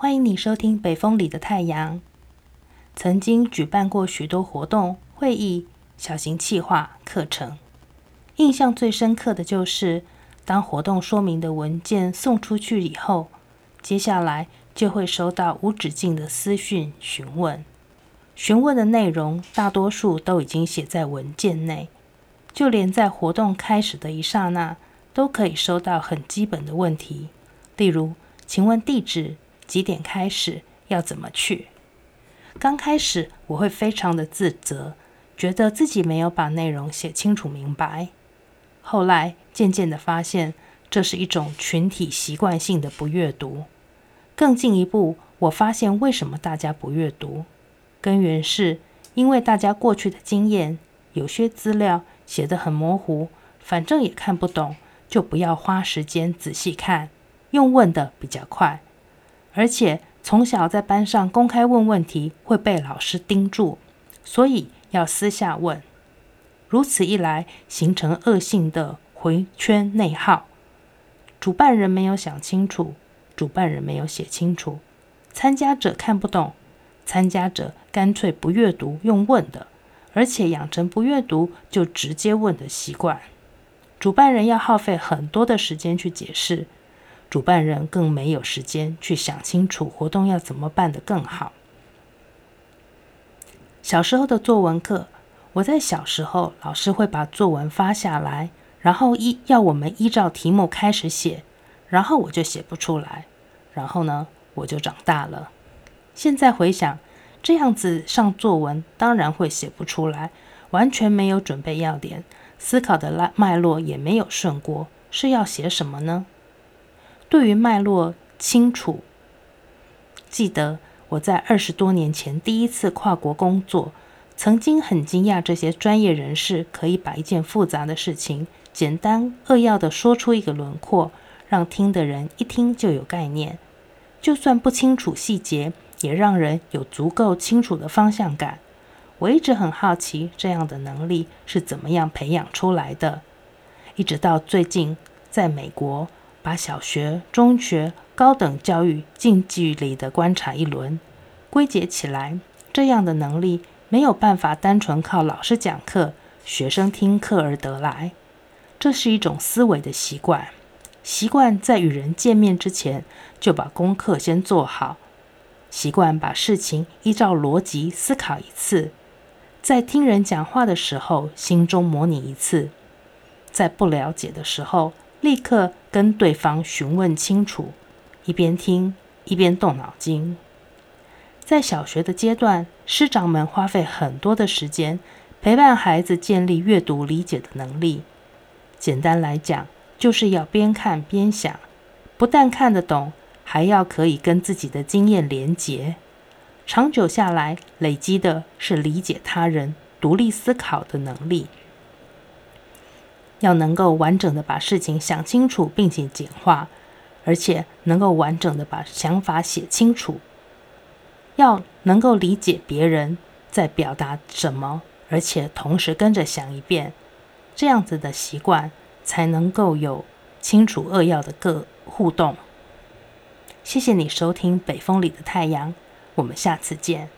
歡迎你收聽《北風裡的太陽》。曾經舉辦過許多活動、會議、小型企劃課程。印象最深刻的就是，當活動說明的文件送出去以後，接下來就會收到無止境的私訊詢問。詢問的內容大多數都已經寫在文件內，就連在活動開始的一剎那，都可以收到很基本的問題，例如：“請問地址？”幾點開始，要怎麼去？剛開始我會非常的自責，覺得自己沒有把內容寫清楚明白。後來漸漸的發現，這是一種群體習慣性的不閱讀。更進一步，我發現為什麼大家不閱讀，根源是因為大家過去的經驗，有些資料寫得很模糊，反正也看不懂，就不要花時間仔細看，用問的比較快。而且從小在班上公開問問題會被老師盯住，所以要私下問。如此一來，形成惡性的回圈內耗。主辦人沒有想清楚，主辦人沒有寫清楚，參加者看不懂，參加者乾脆不閱讀用問的，而且養成不閱讀就直接問的習慣。主辦人要耗費很多的時間去解釋。主辦人更沒有時間去想清楚活動要怎麼辦得更好。小時候的作文課，我在小時候，老師會把作文發下來，然後依要我們依照題目開始寫，然後我就寫不出來。然後呢，我就長大了。現在回想，這樣子上作文，當然會寫不出來，完全沒有準備要點，思考的脈絡也沒有順過，是要寫什麼呢？對於脈絡清楚，記得我在二十多年前第一次跨國工作，曾經很驚訝這些專業人士可以把一件複雜的事情簡單扼要的說出一個輪廓，讓聽的人一聽就有概念，就算不清楚細節，也讓人有足夠清楚的方向感。我一直很好奇這樣的能力是怎麼樣培養出來的，一直到最近在美國。把小學、中學、高等教育近距離地觀察一輪，歸結起來，這樣的能力沒有辦法單純靠老師講課、學生聽課而得來。這是一種思維的習慣，習慣在與人見面之前就把功課先做好，習慣把事情依照邏輯思考一次，在聽人講話的時候心中模擬一次，在不了解的時候立刻，跟對方詢問清楚，一邊聽一邊動腦筋。在小學的階段，師長們花費很多的時間陪伴孩子建立閱讀理解的能力。簡單來講，就是要邊看邊想，不但看得懂，還要可以跟自己的經驗連結。長久下來，累積的是理解他人、獨立思考的能力。要能夠完整的把事情想清楚，並且簡化，而且能夠完整的把想法寫清楚，要能夠理解別人在表達什麼，而且同時跟着想一遍，這樣子的習慣才能夠有清楚扼要的個互動。謝謝你收聽《北風裡的太陽》，我們下次見。